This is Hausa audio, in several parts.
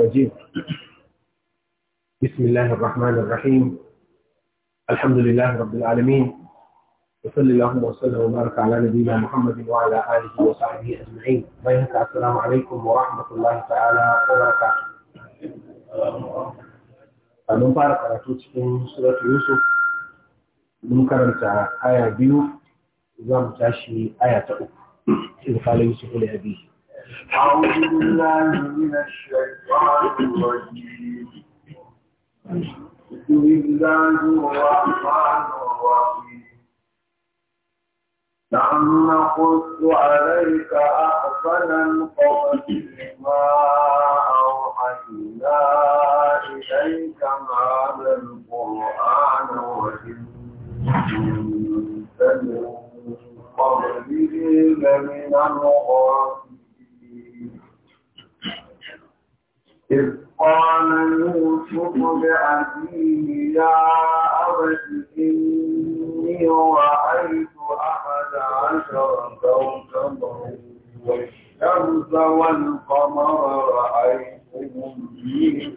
الرجيم بسم الله الرحمن الرحيم الحمد لله رب العالمين وصلى اللهم وسلم وبارك على نبينا محمد وعلى اله وصحبه اجمعين بينك السلام عليكم ورحمه الله تعالى وبركاته mun fara karatu cikin suratu يوسف mun karanta aya biyu za mu tashi aya ta uku in kala أعوذ من الشيطان الرجيم بسم الله الرحمن الرحيم نحن نقص عليك أحسن القصص ما أوحينا إليك هذا القرآن وإن كنت من قبله لمن الغافلين إذ قال يوسف لأبيه يا أبت إني رأيت أحد عشر كوكبا والشمس والقمر رأيتهم لي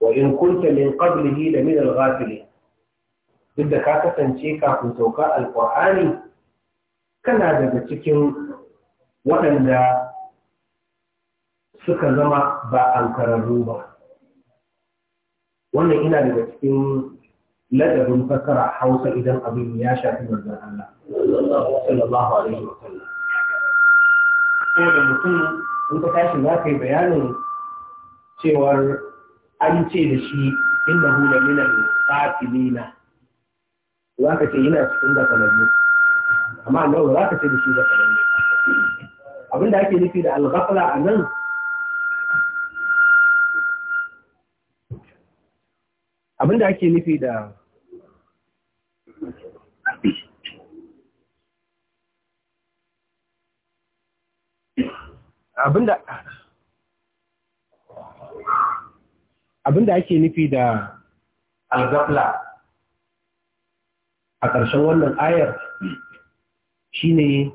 wa in kunta min qablihi la duk da ka kasance kafin sauka alqur'ani kana daga cikin waɗanda suka zama ba kararru ba wannan ina daga cikin ladabin fasara hausa idan abin ya shafi manzan Allah sallallahu alaihi wa sallam kuma da mutum in ka tashi za ka yi bayanin cewar an ce da shi inda hula la ne tsafi nina za ka ce yana cikin zakalanni amma Allah za ka ce da shi zakalanni abinda ake nufi da al-ghafla a nan abinda ake nufi da abinda Abin da ake nufi da algafla a ƙarshen wannan ayar shine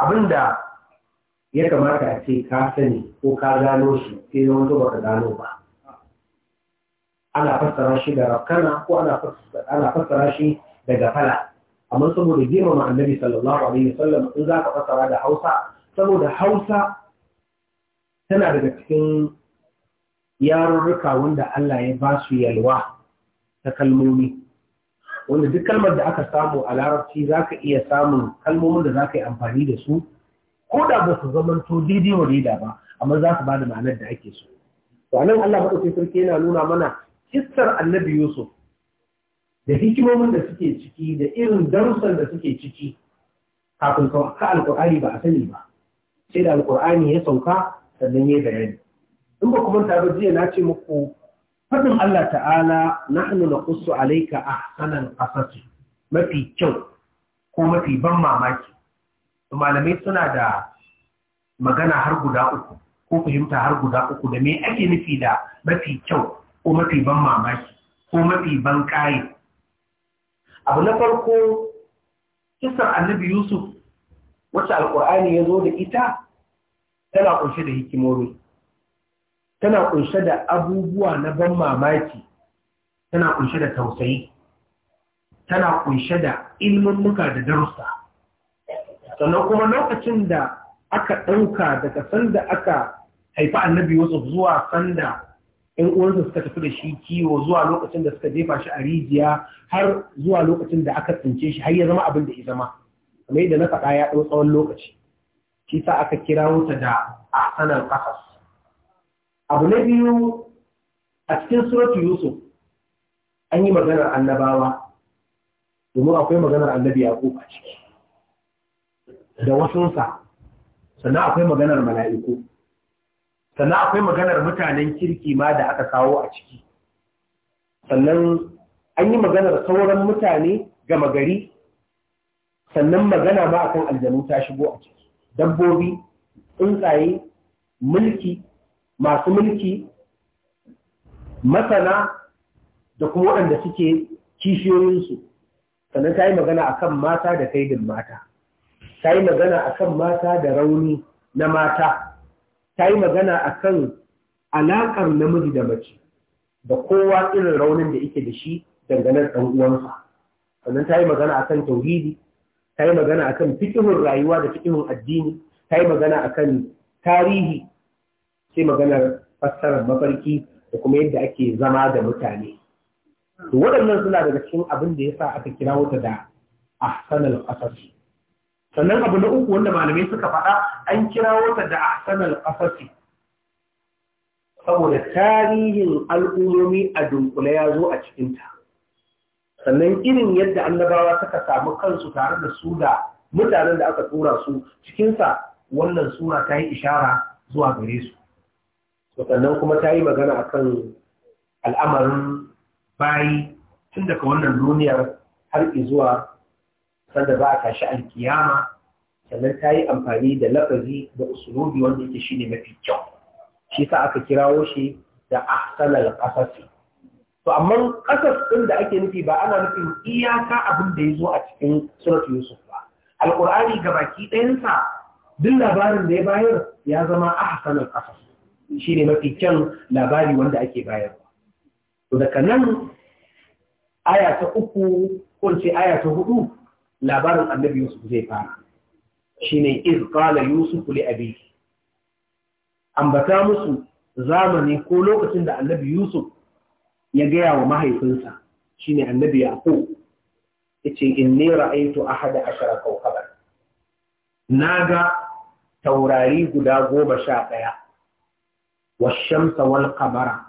abinda ya kamata a ce ka sani ko ka gano shi sai wanzu baka gano ba ana fassara shi da rafkana ko ana fassara shi da gafala amma saboda girmama annabi sallallahu alaihi wasallam in za ka fassara da hausa saboda hausa tana daga cikin yarurruka wanda Allah ya ba su yalwa ta kalmomi wanda duk kalmar da aka samu a larabci za ka iya samun kalmomin da za ka yi amfani da su ko da ba su zamanto daidai wa daida ba amma za su ba da ma'anar da ake so to anan Allah maɗauki sarki yana nuna mana kissar annabi Yusuf da hikimomin da suke ciki da irin darussan da suke ciki kafin ka alƙur'ani ba a sani ba sai da alƙur'ani ya sauka sannan ya bayani in ba kuma ta jiya na ce muku faɗin Allah ta'ala na kusa alaika a sanar asasi mafi kyau ko mafi ban mamaki malamai suna da magana har guda uku ko fahimta har guda uku da me ake nufi da mafi kyau ko mafi ban mamaki ko mafi ban kayi abu na farko kisar annabi yusuf wacce alkur'ani ya zo da ita tana kunshe da hikimomi tana kunshe da abubuwa na ban mamaki tana kunshe da tausayi tana kunshe da ilmummuka da darussa sannan kuma lokacin da aka ɗauka daga sanda aka haifi annabi yusuf zuwa sanda in uwansa suka tafi da shi kiwo zuwa lokacin da suka jefa shi a rijiya har zuwa lokacin da aka tsince shi har ya zama abin da ya zama kamar yadda na faɗa ya ɗau tsawon lokaci shi sa aka kira wuta da a sanar qasas abu na biyu a cikin suratu yusuf an yi maganar annabawa domin akwai maganar annabi yaƙub a ciki da wasunsa sannan akwai maganar mala'iku sannan akwai maganar mutanen kirki ma da aka kawo a ciki sannan an yi maganar sauran mutane gama gari sannan magana ma akan aljanu ta shigo a ciki dabbobi tsuntsaye mulki masu mulki masana da kuma waɗanda suke kishiyoyinsu sannan ta yi magana a kan mata da kaidin mata ta yi magana a kan mata da rauni na mata ta yi magana a kan alaƙar namiji da mace da kowa irin raunin da yake da shi dangane da uwansa sannan ta yi magana a kan tauhidi ta yi magana a kan fiƙihun rayuwa da fiƙihun addini ta yi magana a kan tarihi sai maganar fassarar mafarki da kuma yadda ake zama da mutane to waɗannan suna daga cikin abin da ya sa aka kira wata da ahsanal ƙasashe. sannan abu na uku wanda malamai suka faɗa an kira wata da ahsanal ƙasashe. saboda tarihin al'ummomi a dunkule ya zo a cikinta sannan irin yadda annabawa suka samu kansu tare da su da mutanen da aka tura su cikinsa wannan sura ta yi ishara zuwa gare su sannan kuma ta yi magana a kan al'amarin bayi tun daga wannan duniyar har zuwa sanda za a tashi alkiyama sannan ta yi amfani da lafazi da usulubi wanda yake shi ne mafi kyau shi sa aka kirawo shi da ahsanal qasasi to amma qasas ɗin da ake nufi ba ana nufin iyaka abin da ya zo a cikin surat yusuf ba ga baki ɗayansa duk labarin da ya bayar ya zama ahsanal qasas shi ne mafi kyan labari wanda ake bayarwa to daga nan aya ta uku ko ce aya ta hudu labarin annabi yusuf zai fara shi ne iz qala yusuf li abi ambata musu zamani ko lokacin da annabi yusuf ya gaya wa mahaifinsa shine annabi yaqub yace inni ra'aytu ahada ashara Na ga taurari guda goma sha ɗaya والشمس والقمر qamara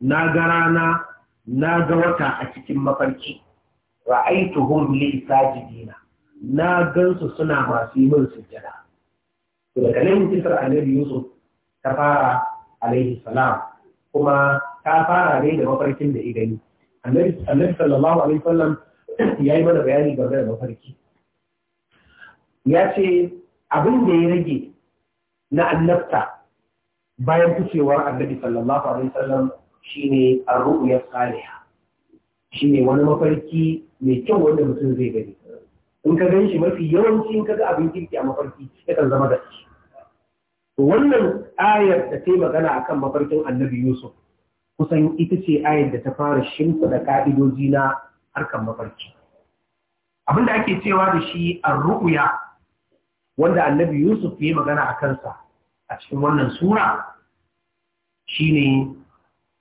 na ga rana na ga wata a cikin mafarki ra'aituhum li sajidina na gansu suna masu yi min to daga nan kisar annabi yusuf ta fara alaihi salam kuma ta fara ne da mafarkin da igani annabi sallallahu alaihi wasallam ya yi mana bayani ga da mafarki ya ce abin da ya rage na annabta bayan ficewar annabi sallallahu alaihi wasallam shine ar-ru'ya salihah shine wani mafarki mai kyau wanda mutum zai gani in ka gan shi mafi yawanci in ka ga abin kirki a mafarki yakan zama da to wannan ayar da ta yi magana akan mafarkin annabi yusuf kusan ita ce ayar da ta fara shimfiɗa ka'idoji na harkar mafarki abinda ake cewa da shi ar-ru'ya wanda annabi yusuf ya yi magana a kansa a cikin wannan sura ne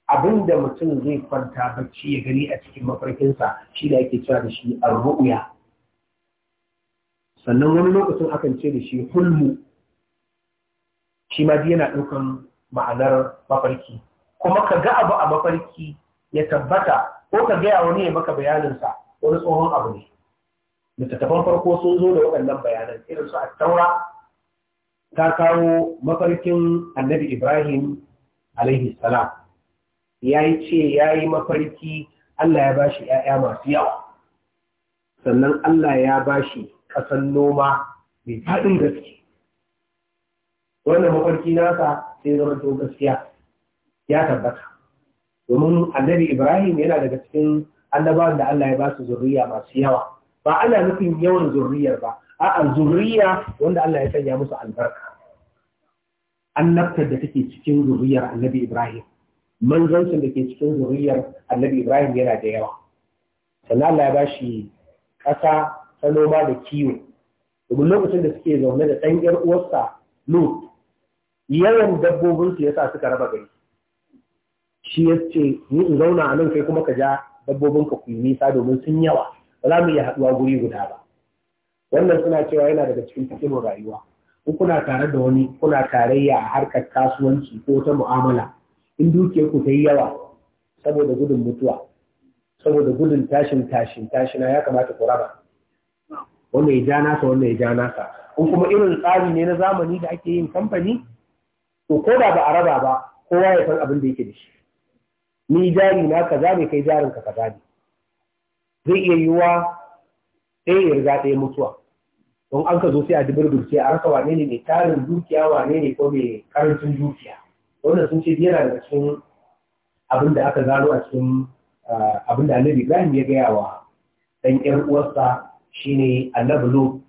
abin da mutum zai kwanta bacci ya gani a cikin mafarkinsa shi da ake cewa da shi a arru'ya sannan wani lokacin akan ce da shi hulmu shi ma ji yana ɗaukan ma'anar mafarki kuma ka ga abu a mafarki ya tabbata ko ka gaya wani ya maka bayaninsa wani tsohon abu ne littattafan farko sun zo da waɗannan bayanan irin su a taura ta kawo mafarkin annabi Ibrahim alaihi salam ya yi ce ya yi mafarki Allah ya ba shi ‘ya'ya masu yawa sannan Allah ya ba shi ƙasan noma mai faɗin gaske wannan mafarki nasa sai zama to gaskiya ya tabbata domin annabi Ibrahim yana daga cikin annabawan da Allah ya ba su zurriya masu yawa ba ana nufin yawan zurriyar ba a'a zuriya wanda Allah ya sanya musu albarka annabtar da take cikin zuriyar annabi Ibrahim manzansu da ke cikin zuriyar annabi Ibrahim yana da yawa sannan Allah ya ba shi ƙasa ta noma da kiwo domin lokacin da suke zaune da ɗan ƴar uwarsa Lut yawan dabbobinsu ya sa suka raba gari shi ya ce ni in zauna a nan kai kuma ka ja dabbobin ka ku nisa domin sun yawa ba za mu iya haɗuwa guri guda ba wannan suna cewa yana daga cikin cikin rayuwa in kuna tare da wani kuna tarayya a harkar kasuwanci ko ta mu'amala in dukiyar ku ta yawa saboda gudun mutuwa saboda gudun tashin tashin tashina ya kamata ku raba wannan ya ja nasa wannan ya ja nasa in kuma irin tsari ne na zamani da ake yin kamfani to ko da ba a raba ba kowa ya san abin da yake da shi ni jari na kaza ne kai jarin ka kaza ne zai iya yiwuwa ɗaya ya riga ɗaya mutuwa don an ka zo sai a dubar dukiya an ka wane ne mai tarin dukiya wane ne ko mai karancin dukiya wannan sun ce yana da cikin abin da aka gano a cikin abin da annabi ibrahim ya gaya wa dan ƴan uwarsa shine annabi lut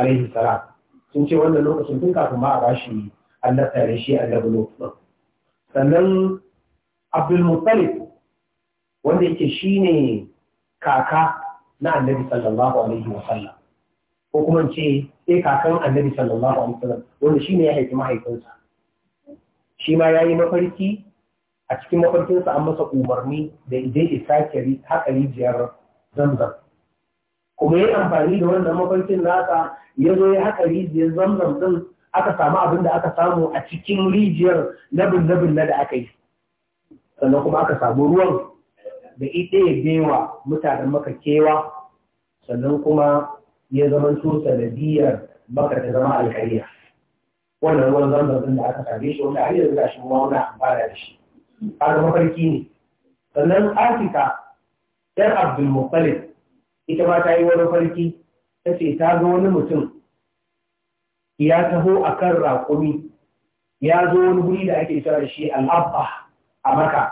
alaihi salam sun ce wannan lokacin tun kafin ma a bashi annabta da shi annabi lut sannan abdul muttalib wanda yake shine kaka na annabi sallallahu alaihi wa sallam ko kuma ce sai eh, kakan annabi sallallahu alaihi wasallam wanda shine ya haifi mahaifinsa shi ma yayi mafarki a cikin mafarkinsa an masa umarni da idan isakari haka rijiyar zamzam kuma ya amfani da wannan mafarkin nasa ya zo ya haka rijiyar zamzam din aka samu abin da aka samu a cikin rijiyar labin labin na da aka yi sannan kuma aka samu ruwan da ita ya bewa mutanen maka kewa sannan kuma ya zama to sanadiyar baka ta zama alkariya wannan ruwan zamzam din da aka same shi wanda har yanzu shi ruwa muna amfana da shi kaga mafarki ne sannan Afika yar Abdul ita ma ta yi wani farki ta ce ta ga wani mutum ya taho a kan raƙumi ya zo wani guri da ake da shi al'abba a maka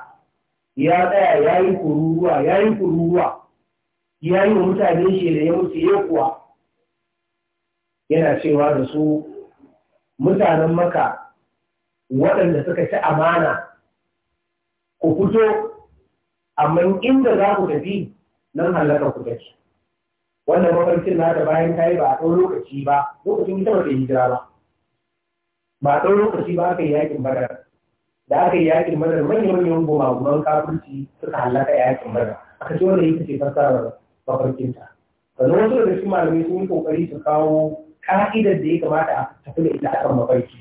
ya tsaya ya yi kururuwa ya yi kururuwa ya yi wa mutane shi da ya mutu ya kuwa yana cewa da su mutanen maka waɗanda suka ci amana ku fito amma inda za ku tafi nan hallaka ku tafi wannan mafarkin na da bayan ta yi ba a ɗau lokaci ba lokacin ita ba ta jira ba ba a ɗau lokaci ba aka yi yakin badar da aka yi yakin badar manyan manyan gumaguman kafirci suka hallaka yakin badar aka ce wanda ita ce fasarar mafarkinta sannan wasu daga cikin malamai sun yi kokari su kawo ka'idar da ya kamata a tafi da ita akan mafarki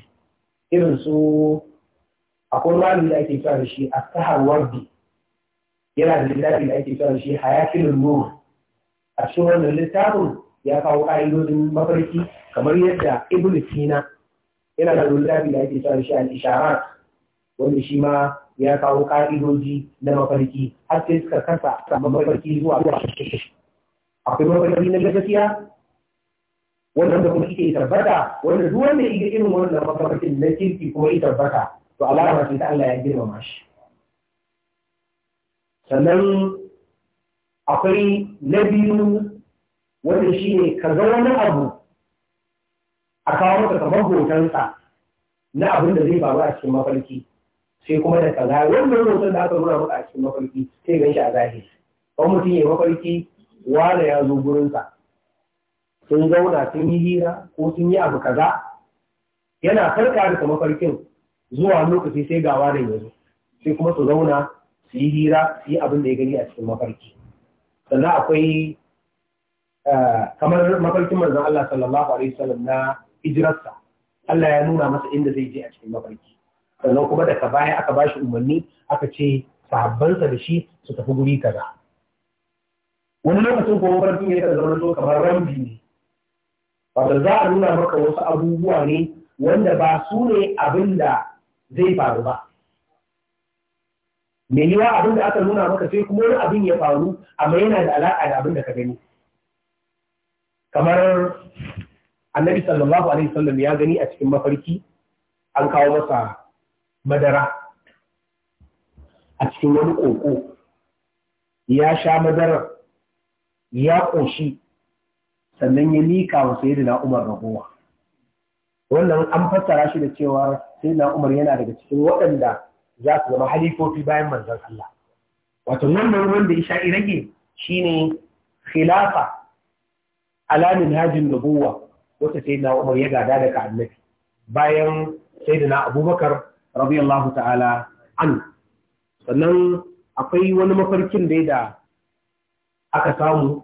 irin su akwai malami da ake cewa da shi a sahar wardi yana da littafi da ake cewa da shi hayakin nuna a cikin wannan littafin ya kawo ka'idodin mafarki kamar yadda ibn sina yana da littafi da ake cewa da shi al-isharat wanda shi ma ya kawo ka'idoji na mafarki har sai suka kasa mafarki zuwa akwai mafarki na gaskiya wannan da kuma ita tabbata wanda duk wanda yake irin wannan mafarkin na kirki kuma ya tabbata to alama ce ta Allah ya girmama shi sannan akwai na biyu wanda shi ne ka ga wani abu a kawo maka kamar hotonsa na abin da zai faru a cikin mafarki sai kuma da zai wannan hoton da aka nuna maka a cikin mafarki sai gan shi a zahiri Ba mutum ya mafarki wala ya zo gurinsa sun zauna sun yi hira ko sun yi abu kaza yana farka daga mafarkin zuwa lokaci sai gawa da yanzu sai kuma su zauna su yi hira su yi abin da ya gani a cikin mafarki sannan akwai eh, kamar mafarkin manzon Allah sallallahu alaihi wasallam na ijirarsa, Allah ya nuna masa inda zai je a cikin mafarki sannan kuma daga baya aka ba shi umarni aka ce sahabbansa da shi su tafi guri kaza wani lokacin kuma mafarkin ya zama kamar rambi ne wanda za a nuna maka wasu abubuwa ne wanda ba su ne abin da zai faru ba me yiwa abin da aka nuna maka sai kuma wani abin ya faru amma yana da alaƙa da abin da ka gani kamar annabi sallallahu alaihi wasallam ya gani a cikin mafarki an kawo masa madara a cikin wani koko ya sha madara, ya ƙoshi sannan ya mika wa na Umar ragowa wannan an fassara shi da cewa na Umar yana daga cikin waɗanda za su zama halifofi bayan manzan Allah wato wannan wanda ya sha'i shi ne khilafa alamin hajin nubuwa wata na Umar ya gada daga annabi bayan na Abubakar rabiyallahu ta'ala an sannan akwai wani mafarkin da aka samu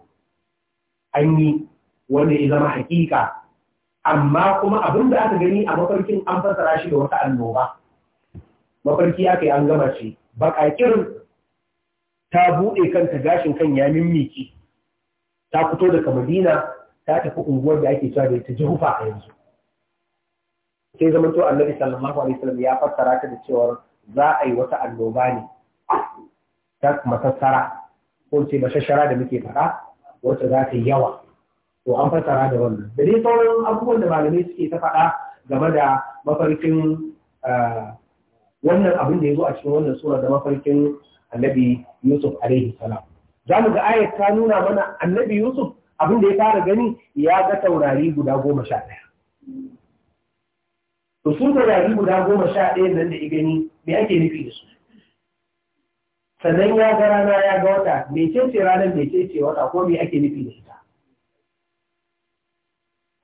an yi wanda ya zama hakika amma kuma abin da aka gani a mafarkin an fassara shi da wata annoba mafarki aka yi an gama ce bakakirin ta buɗe kanta gashin kan ya mimmiki ta fito daga madina ta tafi unguwar da ake cewa da ita jihufa a yanzu sai zama to annabi sallallahu alaihi wasallam ya fassara ta da cewa za a yi wata annoba ne ta kuma masassara ko ce mashashara da muke faɗa wacce za ta yi yawa to an fassara da wannan da dai sauran abubuwan da malamai suke ta faɗa game da mafarkin eh, wannan abin da ya zo a cikin wannan sura da mafarkin annabi yusuf alaihi salam za mu ga ayat ta nuna mana annabi yusuf abin da ya fara gani ya ga taurari guda goma sha ɗaya to sun taurari guda goma sha ɗaya nan da ya gani me ake nufi da su sannan ya ga rana ya ga wata ce ranar ce wata ko me ake nufi da ita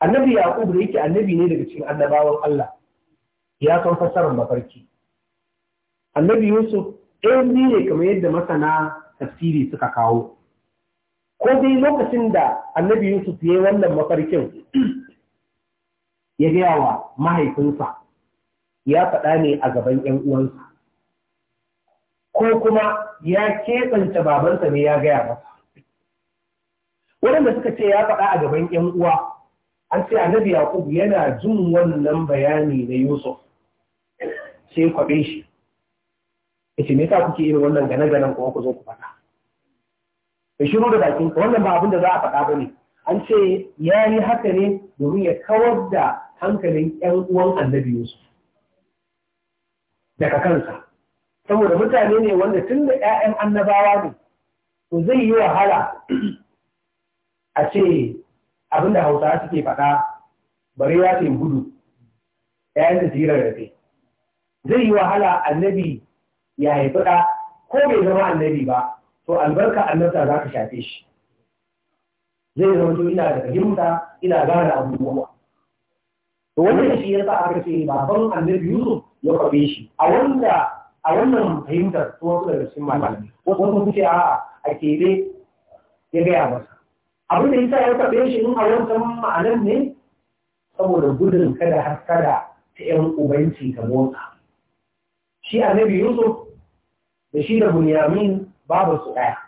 annabi yaqub da yake annabi ne daga cikin annabawan Allah ya san fassarar mafarki annabi yusuf ɗayan biyu ne kamar yadda masana tafsiri suka kawo ko dai lokacin da annabi yusuf ya yi wannan mafarkin ya gaya wa mahaifinsa ya faɗa ne a gaban ‘yan uwansa ko kuma ya keɓance babansa ne ya gaya masa waɗanda suka ce ya faɗa a gaban ‘yan uwa an ce annabi yaqub yana jin wannan bayani na yusuf sai kwabe shi yace me yasa kuke irin wannan gane ganen kuma ku zo ku fada ya shiru da bakin wannan ba abin da za a faɗa bane an ce ya haka ne domin ya kawar da hankalin ƴan uwan annabi yusuf daga kansa saboda mutane ne wanda tun da ƴaƴan annabawa ne to zai yi wahala a ce Abin da hausa suke faɗa bari ya ce gudu ɗayan da jirar ce zai yi wahala annabi ya haifi ɗa ko bai zama annabi ba to albarka annabta za ka shafe shi zai zama to ina da fahimta ina gane abubuwa to wannan shi ya sa aka ce baban annabi Yusuf ya kwabe shi a wanda a wannan fahimtar su wasu daga cikin malamai wasu sun ce a'a a kebe ya gaya masa abin da sa ya taɓe shi in a wancan ma'anan ne saboda gudun kada haskada ta yan ubanci ta motsa shi annabi yusuf da shi da bunyamin babu su ɗaya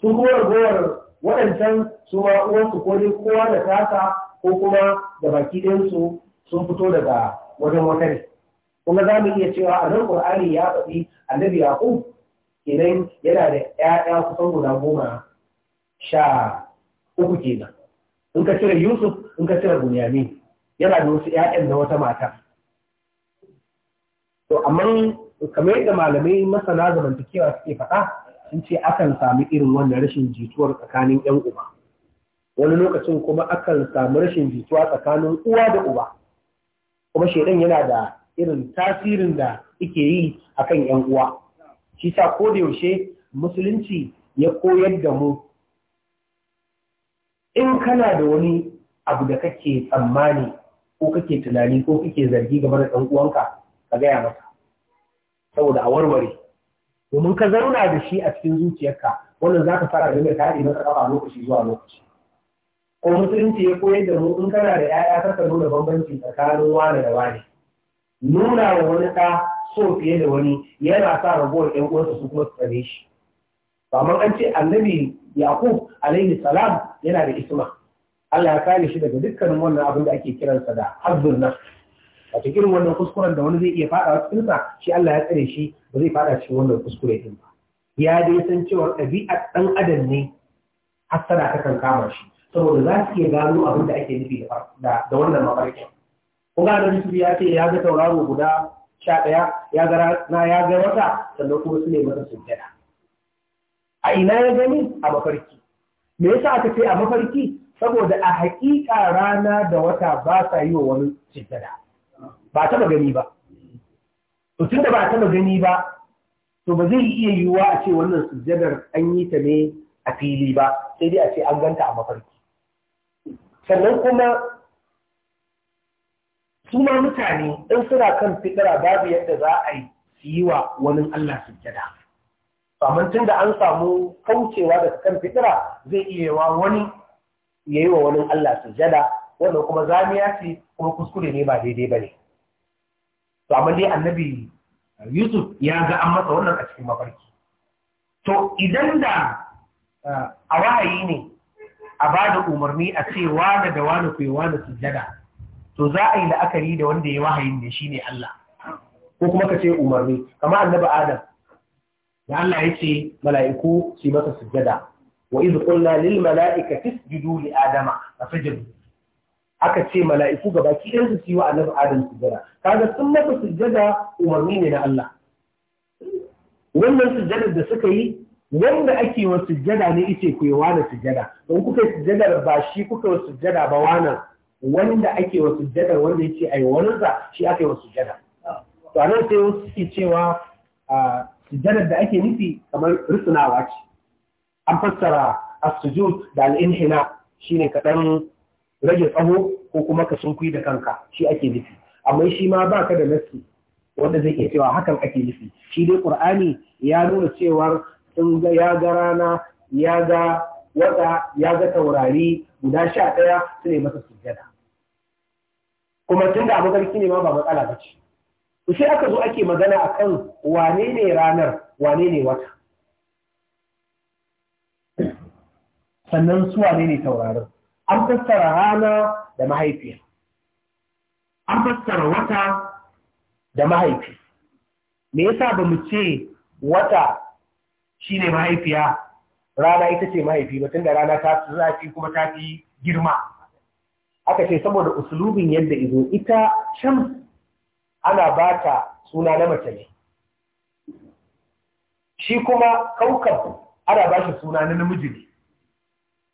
su kuma ragowar waɗancan su ma uwansu ko dai kowa da tasa ko kuma da baki ɗinsu sun fito daga wajen wata ne kuma za mu iya cewa a nan ƙur'ani ya faɗi annabi yaƙub Idan yana da 'ya'ya kusan guda goma sha uku kenan in ka cire yusuf in ka cire bunyamin yana da wasu 'ya'yan na wata mata to amma kamar yadda malamai masana zamantakewa suke faɗa sun ce akan sami irin wannan rashin jituwar tsakanin 'yan uba wani lokacin kuma akan sami rashin jituwa tsakanin uwa da uba kuma shaidan yana da irin tasirin da yake yi akan 'yan uwa shi ta ko da yaushe musulunci ya koyar da mu in kana da wani abu da kake tsammani ko kake tunani ko kake zargi game da ɗan uwanka ka gaya masa saboda a warware domin ka zauna da shi a cikin zuciyarka wannan za ka fara da ka haɗe masa kafa lokaci zuwa lokaci ko musulunci ya koyar da mu in kana da 'ya'ya kaka nuna bambanci tsakanin wane da wane nuna wa wani ɗa so fiye da wani yana sa ragowar 'yan uwansa su kuma su tsare shi ba an ce annabi Yakub alaihi salam yana da isma Allah ya kare shi daga dukkanin wannan abin da ake kiransa da hazzun nafs A cikin wannan kuskuren da wani zai iya fada cikin sa shi Allah ya tsare shi ba zai fada cikin wannan kuskure din ba ya dai san cewa ɗabi'ar ɗan adam ne hassana ta kan kama shi saboda za su iya gano abin da ake nufi da wannan mafarkin ko ga da Yusuf ya ce ya ga tauraro guda sha ɗaya ya ga na ya ga wata sannan kuma su ne masa sujjada a ina ya gani a mafarki me yasa aka ce a mafarki saboda a haƙiƙa rana da wata ba sa yi wa wani sujjada ba taɓa gani ba to tun da ba taɓa gani ba to ba zai iya yiwuwa a ce wannan sujjadar an yi ta ne a fili ba sai dai a ce an ganta a mafarki sannan kuma su ma mutane in suna kan fitara babu yadda za a yi yi wa wani Allah sujjada amma tun da an samu kaucewa daga kan fitira zai iya wa wani ya yi wa wani Allah sujada wannan kuma zamiya ce kuma kuskure ne ba daidai ba ne to amma dai annabi Yusuf ya ga an masa wannan a cikin mafarki to idan da a wahayi ne a ba da umarni a ce wane da wane ku yi wane sujada to za a yi la'akari da wanda ya wahayin ne shine Allah ko kuma ka ce umarni kamar annabi Adam da Allah ya ce mala'iku su masa sujjada wa izu qulna lil mala'ikati isjudu li adama a fasajadu aka ce mala'iku ga baki ɗansu su yi wa annabi adam sujjada kaga sun masa sujada, umarni ne na Allah wannan sujjadar da suka yi wanda ake wa sujjada ne ita ku yi wani sujjada don kuka yi sujjadar ba shi kuka wa sujjada ba wanan, wanda ake wa sujjadar wanda ya ce a yi wani za shi ake wa sujjada to anan sai wasu suke cewa ah, sujjadar da ake nufi kamar rusunawa ce an fassara as-sujud da al'inhina inhina shine ka rage tsaho ko kuma ka sunkuyi da kanka shi ake nufi amma shi ma baka da nassi wanda zai ke cewa hakan ake nufi shi dai ƙur'ani ya nuna cewar sun ga ya ga rana ya ga wata ya ga taurari guda sha ɗaya su ne masa sujjada kuma tun da abokan ne ma ba matsala ba ce to sai aka zo ake magana a kan wane ne ranar wane ne wata sannan su wane ne taurarin an fassara rana da mahaifiya an fassara wata da mahaifi me yasa ba mu ce wata shi ne mahaifiya rana ita ce mahaifi ba tunda rana ta fi zafi kuma ta fi girma aka ce saboda usulubin yadda izo ita shams ana ba ta suna na mace ne shi kuma kaukab ana ba shi suna na namiji ne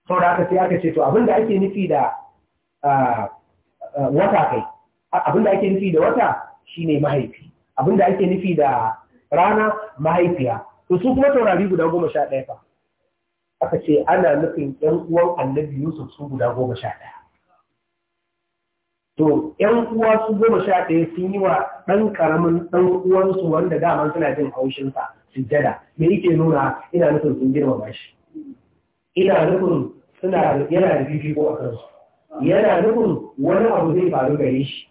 sau da aka sai aka ce to abinda ake nufi da wata kai abinda ake nufi da wata shi ne mahaifi abinda ake nufi da rana mahaifiya to su kuma taurari guda goma sha ɗaya fa aka ce ana nufin ɗan uwan annabi yusuf su guda goma sha ɗaya to ‘yan uwa su goma sha ɗaya sun yi wa ɗan ƙaramin ɗan uwansu wanda dama suna jin haushinsa sujjada me yake nuna ina nufin sun girmama shi ina nufin suna yana da fifiko a kansu yana nufin wani abu zai faru gare shi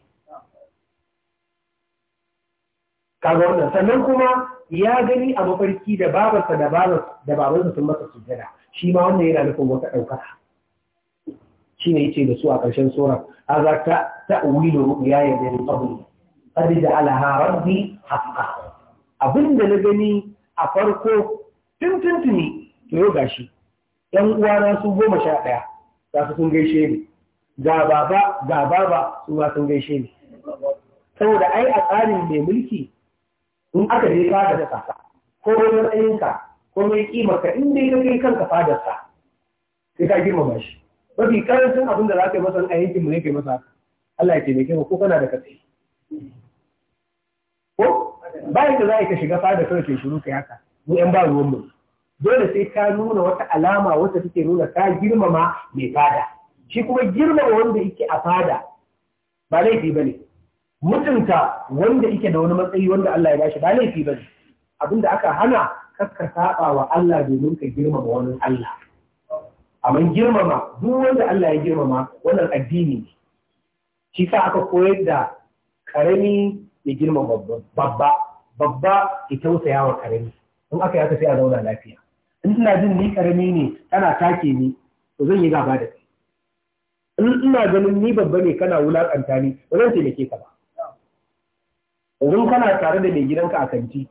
kaga wannan sannan kuma ya gani a mafarki da babarsa da babansa sun masa sujjada shi ma wannan yana nufin wata ɗaukaka shine yace da su a ƙarshen sura azaka ta'wilu ya min qabl qad ja'alaha rabbi haqqan abinda na gani a farko tuntuntuni to yau gashi yan uwana su goma sha ɗaya za su sun gaishe ni ga baba ga baba su sun gaishe ni saboda ai a tsarin mai mulki in aka je fada da kasa ko wani matsayinka ko mai ka in dai kai kanka fadarsa sai ka girmama shi mafi karancin abin da za ka yi masa a yankin mu ne yi masa Allah ya mai ko kana da kasai ko bayan da za ka shiga fada kawai ke shiru kai haka mu yan ba ruwan mu dole sai ka nuna wata alama wacce take nuna ka girmama mai fada shi kuma girmama wanda yake a fada ba laifi ba ne. mutunta wanda yake da wani matsayi wanda Allah ya bashi ba laifi ba bane abinda aka hana kakka saba wa Allah domin ka girmama wani Allah amma girmama duk wanda Allah ya girmama wannan addini ne shi sa aka koyar da karami ya girmama babba babba ya tausaya wa karami in aka yaka sai a zauna lafiya in ina jin ni karami ne kana take ni to zan yi gaba da kai in ina ganin ni babba ne kana wulakanta ni ba zan taimake ka ba yanzu kana tare da mai gidanka a kanti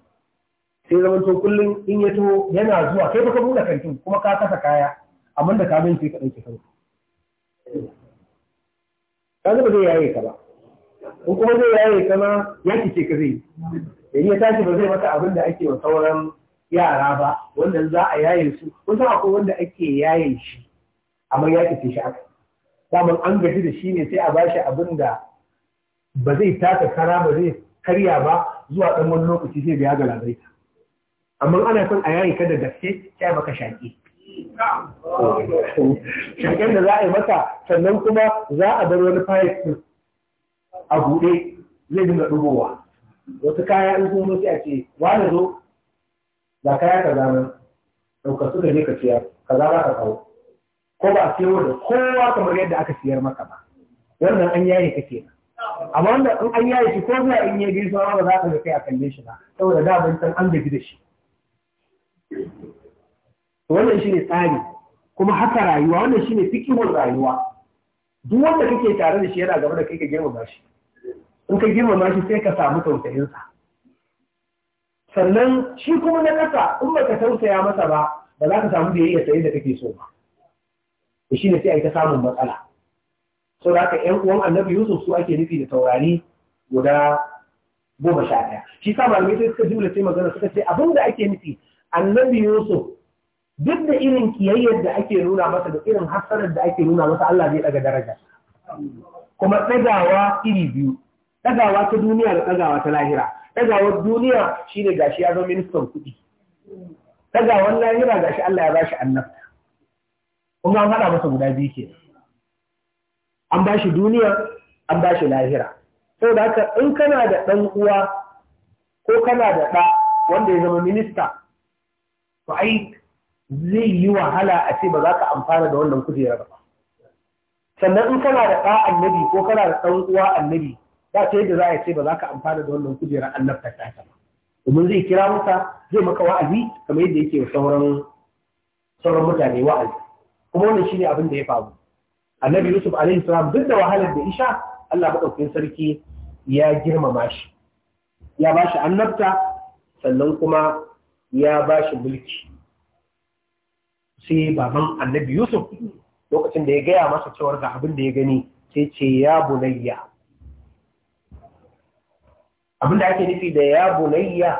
sai zaman kullum in ya to yana zuwa kai ka buɗe kantin kuma ka kasa kaya amma da ka gani sai ka ɗauki kanka ka zuba zai yaye ka ba in kuma zai yaye ka ma ya kice ka zai yi ya tashi ba zai mata abin da ake wa sauran yara ba wannan za a yaye su kun san akwai wanda ake yaye shi amma ya kice shi aka daman an gaji da shi ne sai a bashi abin da ba zai taka kara ba zai karya ba zuwa ɗan wani lokaci sai da ya galabaita amma ana son a yayi ka da gaske sai baka shaƙi shaƙen da za a yi masa sannan kuma za a bar wani fayil a buɗe zai dinga dubowa wasu kaya in kuma sai a ce wani zo ba kaya ka zama ɗaukar suka je ka siyar ka zama ka kawo ko ba a siyarwa da kowa kamar yadda aka siyar maka ba wannan an yaye ka ke amma wanda in an yaye shi ko zuwa in iya gaisuwa ba za ka ga kai a kalle shi ba saboda da ban san an gaji da shi wannan shine tsari kuma haka rayuwa wannan shine fikihun rayuwa duk wanda kake tare da shi yana gaba da kai ka girmama shi in ka girmama shi sai ka samu tausayinsa sannan shi kuma na kasa in ba ka tausaya masa ba ba za ka samu da yayi saye da kake so ba to shine sai ai ta samun matsala so da ka ƴan uwan annabi Yusuf su ake nufi da taurari guda goma sha ɗaya shi sa malamai sai suka jimla sai magana suka ce abin da ake nufi annabi Yusuf duk da irin kiyayyar da ake nuna masa da irin hasarar da ake nuna masa Allah zai daga daraja kuma tsagawa iri biyu ɗagawa ta duniya da ɗagawa ta lahira ɗagawar duniya shi ne gashi ya zama ministan kuɗi Ɗagawan lahira gashi Allah ya ba shi annabta kuma an haɗa masa guda biyu ke an ba shi duniya an ba shi lahira sau da haka in kana da ɗan uwa ko kana da ɗa wanda ya zama minista to ai zai yi wahala a ce ba za ka amfana da wannan kujerar ba sannan in kana da ɗa annabi ko kana da ɗan uwa annabi ba ta yadda za a ce ba za ka amfana da wannan kujerar annabta ta ba domin zai kira maka zai maka wa'azi kamar yadda yake sauran sauran mutane wa'azi kuma wannan shine abin da ya faru annabi yusuf alaihi salam duk da wahalar da isha Allah ɗaukin sarki ya girmama shi ya ba shi annabta sannan kuma ya ba shi mulki sai baban annabi yusuf lokacin da ya gaya masa cewar ga abin da ya gani sai ce ya bunayya abin da ake nufi da ya bunayya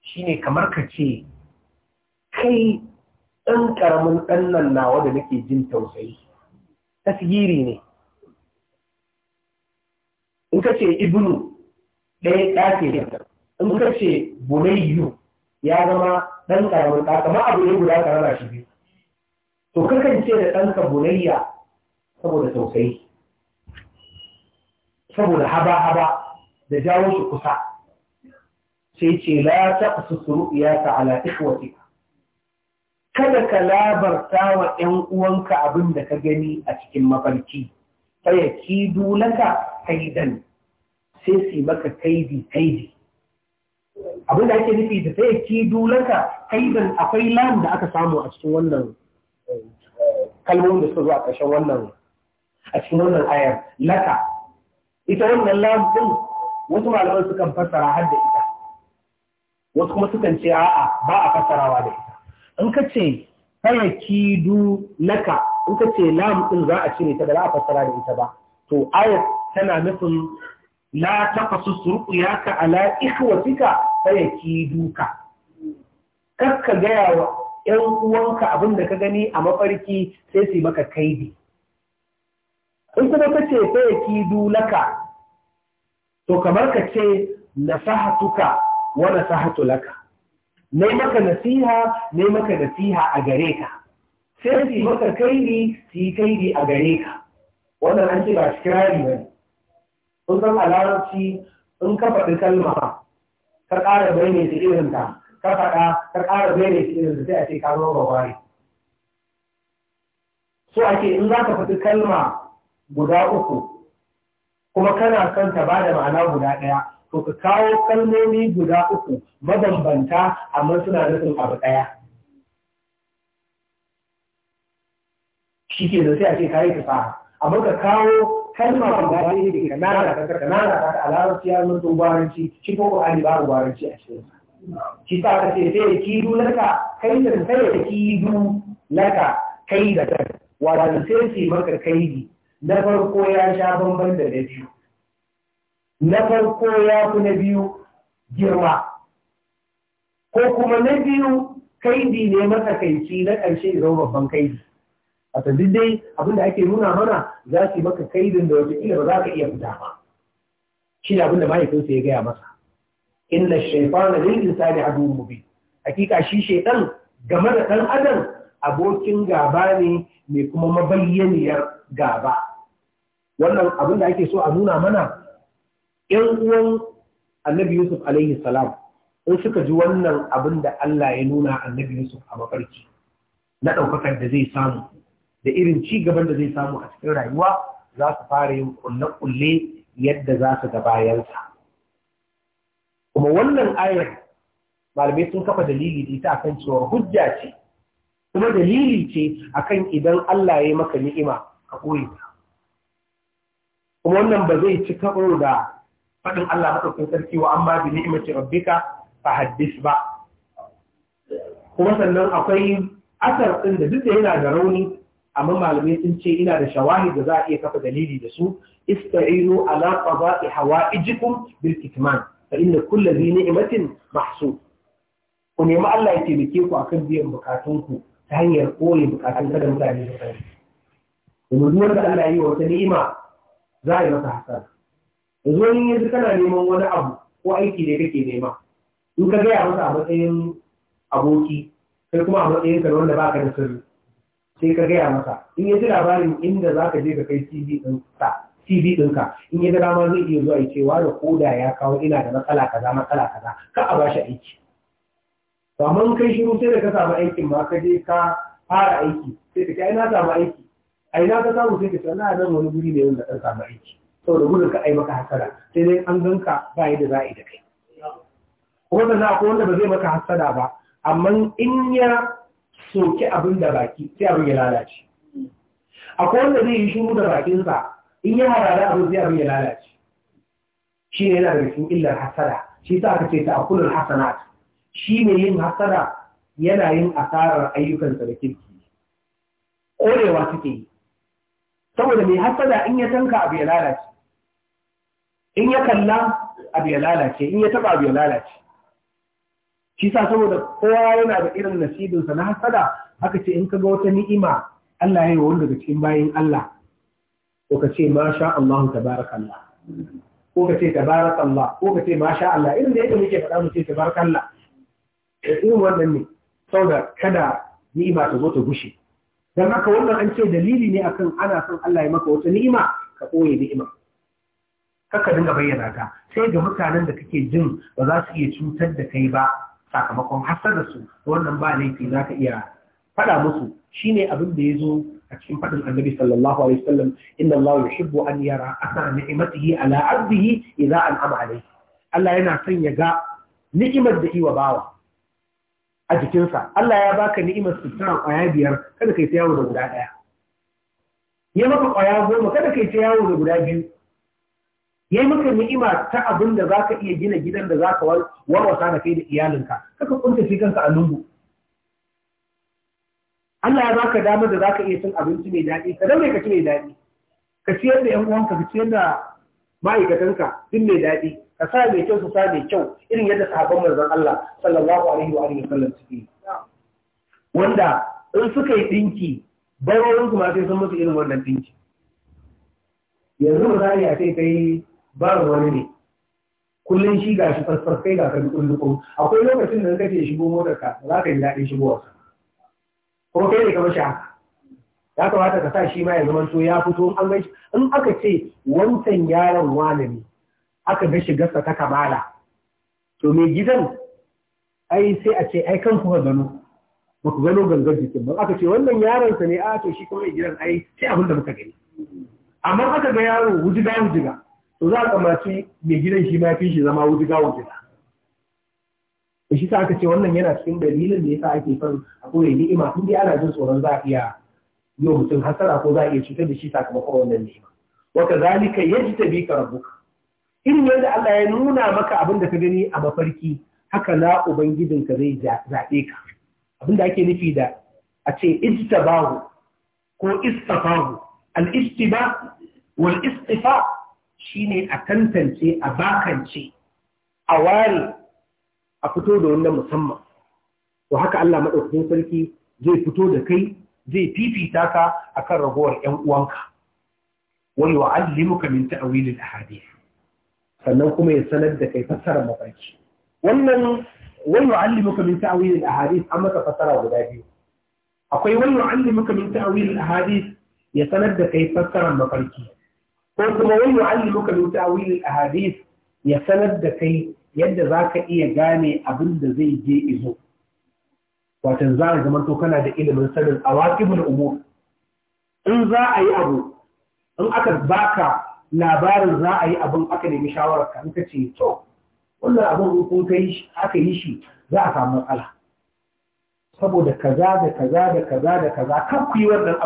shine kamar ka ce kai ɗan ƙaramin ɗan nan nawa da nake jin tausayi tasiri ne in ka ce ibnu ɗaya ɗafe in ka ce bunayyu ya zama ɗan ƙaramin ɗa kamar abu ne guda ka shi biyu to kakan ce da ɗanka bunayya saboda tausayi saboda haba-haba da jawo shi kusa sai ce la ta iya ta ala ikwati. kada ka labarta wa ‘yan uwanka abin da ka gani a cikin mafarki faya ki dulaka haidan, sai su maka kaidi kaidi abin da ake nufi da sai ki dulanka kai dan akwai lam da aka samu a cikin wannan eh, kalmomin da suka zo a ƙarshen wannan a cikin wannan ayar laka ita wannan lam din wasu malaman sukan fassara har da ita wasu kuma sukan ce a'a ba a fassarawa da ita in ka ce kaya ki laka in ka ce lam din za a cire ta da za a fassara da ita ba to ayar tana nufin la ya ka ala ikhwatika fayakiduka kar ka gaya wa ‘yan uwanka abin da ka gani a mafarki sai su yi maka kaidi. In kuma ka ce sai ya dulaka to kamar ka ce nasahatuka wa nasahatu laka. Nai maka nasiha, ne maka nasiha a gare ka. Sai su yi maka kaidi, su yi kaidi a gare ka. Wannan an ce ba shi kirari ba kun san a larabci in ka faɗi kalma ka ƙara bayani da irinta ka faɗa ka ƙara bayani da irinta sai a ce ka zama gwagware so ake in za ka faɗi kalma guda uku kuma kana son ta ba da ma'ana guda ɗaya to ka kawo kalmomi guda uku mabambanta amma suna nufin abu ɗaya shi ke sai a ce ka yi fasaha A ka kawo kalma guda ɗaya da ka nada ka ka nada ka ka alamar ya gwaranci shi ko Ali ba gwaranci a cikin shi sa ka ce sai kidu laka kai da sai kidu laka kai da kai wato sai ce maka kaidi na farko ya sha bamban da na biyu na farko ya fi na biyu girma ko kuma na biyu kaidi ne matsakaici na ƙarshe zama babban kaidi a duk dai abin da ake nuna mana za su yi maka kaidin da wata ila ba za ka iya fita ba shi ne abin da mahaifinsa ya gaya masa inna shaifana lil insani aduwwun mubin hakika shi shaitan game da ɗan adam abokin gaba ne mai kuma mabayyaniyar gaba wannan abin da ake so a nuna mana ‘yan uwan annabi Yusuf alaihi salam in suka ji wannan abin da Allah ya nuna annabi Yusuf a mafarki na ɗaukakar da zai samu da irin ci gaban da zai samu a cikin rayuwa za su fara yin kulle-kulle yadda za su ga bayansa kuma wannan ayar malamai sun kafa dalili da ita akan cewar hujja ce kuma dalili ce akan idan Allah ya maka ni'ima ka koyi ta kuma wannan ba zai ci karo da faɗin Allah kun sarki wa amma bi ni'imati rabbika fa haddis ba kuma sannan akwai asar ɗin da duk da yana da rauni amma malamai sun ce ina da shawahi da za a iya kafa dalili da su ista'inu ala qada'i hawaijikum bil kitman fa inna kulli dhi ni'matin mahsud ku nemi Allah ya taimake ku akan biyan bukatunku ta hanyar koyi bukatun da mutane su sani domin duk wanda Allah ya yi wata ni'ima za a yi masa hasara yanzu wani yanzu kana neman wani abu ko aiki ne kake nema in ka gaya masa a matsayin aboki kai kuma a matsayin ka wanda baka da sirri sai ka gaya masa in ya ji labarin inda za ka je ka kai cv ɗinka cv ɗinka in ya ga dama zai iya zuwa ce wa da koda ya kawo ina da matsala kaza matsala kaza ka a bashi aiki to amma in kai shiru sai da ka samu aikin ma ka je ka fara aiki sai ka ce ai na samu aiki ai na ka samu sai ka ce na nan wani guri ne wanda ɗan samu aiki saboda gudun ka ai maka hasara sai dai an ganka ba yadda za a yi da kai kuma sannan akwai wanda ba zai maka hasara ba amma in ya soke abin da baki sai abin ya lalace akwai wanda zai yi shuru da bakinsa in yi harara abin sai abin ya lalace shi ne yana da cikin illar hasara shi sa aka ce ta ta'akulul hasanat shi ne yin hasara, yana yin asarar ayyukansa da kirki korewa suke yi saboda mai hasara in ya tanka abu ya lalace in ya kalla abu ya lalace in ya taba abu ya lalace shi sa saboda kowa yana da irin nasibinsa na hasada aka ce in ka ga wata ni'ima Allah ya yi wani daga cikin bayin Allah ko ka ce ma sha Allah Allah ko ka ce Allah ko ka ce ma sha Allah irin da yadda muke faɗa mu ce tabarakallah irin wannan ne saboda kada ni'ima ta zo ta gushe dan haka wannan an ce dalili ne akan ana son Allah ya maka wata ni'ima ka koye ni'ima kaka dinga bayyana ta sai ga mutanen da kake jin ba za su iya cutar da kai ba sakamakon da su wannan ba laifi za ka iya faɗa musu shine abin da ya zo a cikin faɗin annabi sallallahu alaihi wasallam inna Allah yuhibbu an yara athara ni'matihi ala abdihi idza an'ama alayhi Allah yana son ya ga ni'imar da iwa bawa a jikinsa Allah ya baka ni'imar sutura kwaya biyar kada kai ta yawo da guda ɗaya ya maka kwaya goma kada kai ta yawo da guda biyu yayi maka ni'ima ta abin da zaka iya gina gidan da zaka warwasa da kai da iyalinka kaka kunta shi kanka a lungu Allah ya baka damar da zaka iya cin abinci mai daɗi ka daure ka ci mai daɗi ka ciyar da yan uwanka ka ciyar da ma'aikatanka duk mai daɗi ka sa mai kyau su sa mai kyau irin yadda sahabban manzon Allah sallallahu alaihi wa alihi wasallam suke wanda in suka yi dinki barorin ma sai sun musu irin wannan dinki yanzu misali a sai kai ba wani ne kullum shi ga shi fasfar kai ga ka ko akwai lokacin da kake shigo motar ka za ka ji daɗin shigowa ko kai ne kamar shi haka ya kamata ka sa shi ma ya zama to ya fito an gaishe in aka ce wancan yaron wani ne aka ga gasa ta kamala to me gidan ai sai a ce ai kan kuka gano ba ku gano gangar jikin ba aka ce wannan yaron sa ne a to shi kuma mai gidan ai sai abin da muka gani amma aka ga yaro wujiga wujiga to za a kamaci mai gidan shi ma fi shi zama wuzi gawon gida da shi sa aka ce wannan yana cikin dalilin da ya sa ake son a koyi ni'ima Tun dai ana jin tsoron za a iya yau mutum hasara ko za a iya cutar da shi sakamakon wannan ni'ima bi ka yajtabika rabbuka irin yadda Allah ya nuna maka abin da ka gani a mafarki haka na ubangijinka zai zaɓe ka abin da ake nufi da a ce bahu ko istafahu al-istiba wal istifa shine a tantance a bakance a ware a fito da wannan musamman to haka Allah madaukakin sarki zai fito da kai zai fifita ka akan ragowar ƴan uwanka wani wa'allimuka min ta'wilil ahadith sannan kuma ya sanar da kai fassara mafarki wannan wani wa'allimuka min ta'wilil ahadith an masa fassara guda biyu akwai wani wa'allimuka min ta'wilil ahadith ya sanar da kai fassara mafarki ko wani wai muka min ta'wil al-ahadith ya sanar da kai yadda zaka iya gane abin da zai je izo watan za ka zama to kana da ilimin sanin awaqibul umur in za a yi abu in aka baka labarin za a yi abin aka nemi shawarar ka in ka ce to wannan abin in kun kai aka yi shi za a samu matsala saboda kaza da kaza da kaza da kaza kan ku yi wannan